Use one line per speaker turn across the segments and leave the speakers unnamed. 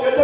que te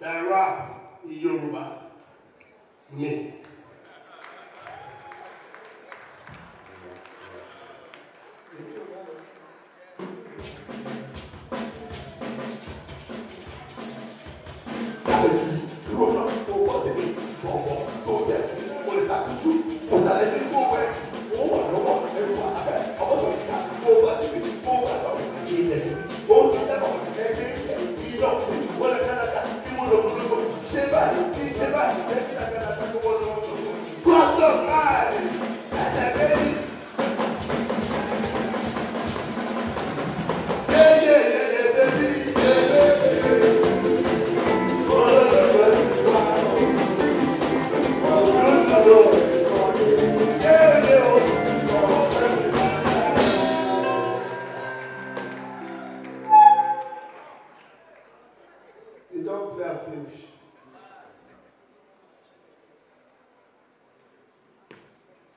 that rap in Yoruba. Me. Roman, oh, what the hell? Oh, oh, oh, oh, oh, oh, oh, oh, oh,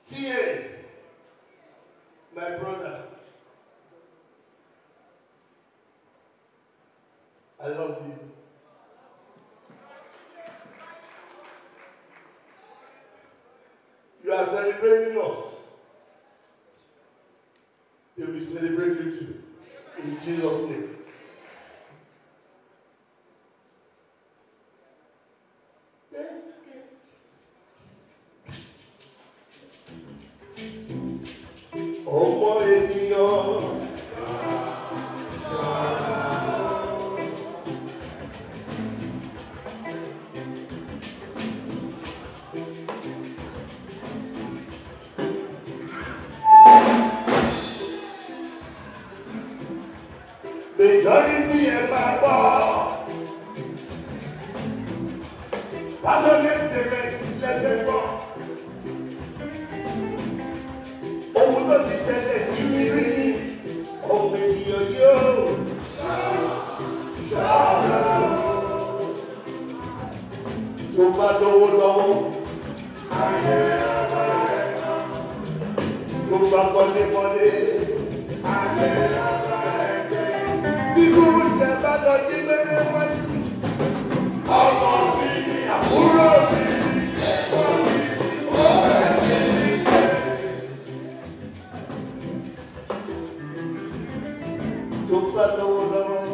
T.A., my brother, I love you. You are celebrating us. They will celebrate you too. In Jesus' name. majority ẹ máa gbọ́. Passionate defense lẹ́sẹ̀ gbọ́. Ohun tó ti ṣẹlẹ̀ sí mi rí ni ọ̀pọ̀ ènìyàn yóò ṣàrà. Tó bá lówó lọ́wọ́. Ayé ọ̀rẹ́ náà. Tó bá kọ́lé kọ́lé. dúpẹ́ lọ́wọ́ lọ́wọ́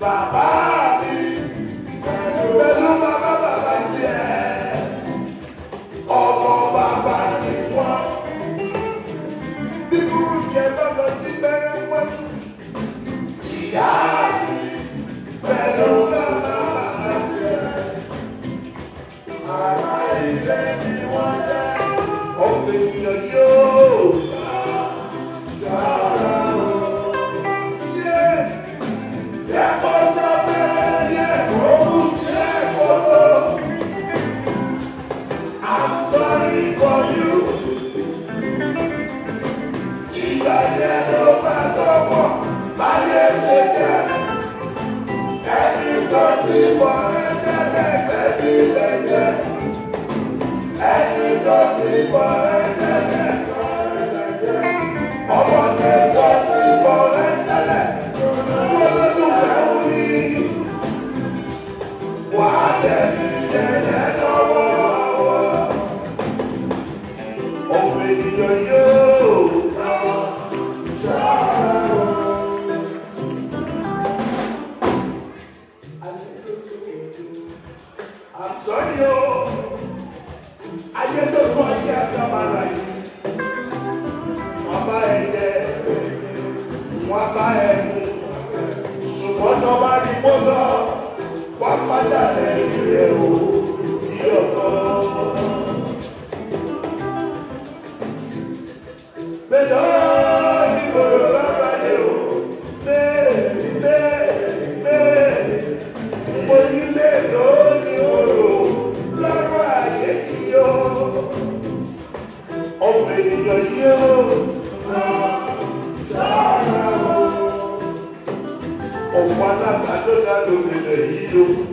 bàbá mi dúpẹ́ lọ́wọ́ bàbá bàbá tiẹ̀ ọmọ bàbá ni wọ́n bíburú yẹ bàbá tí bẹ́rẹ̀ wọ́n Ọmọ tẹ̀lé. Rio, Rio,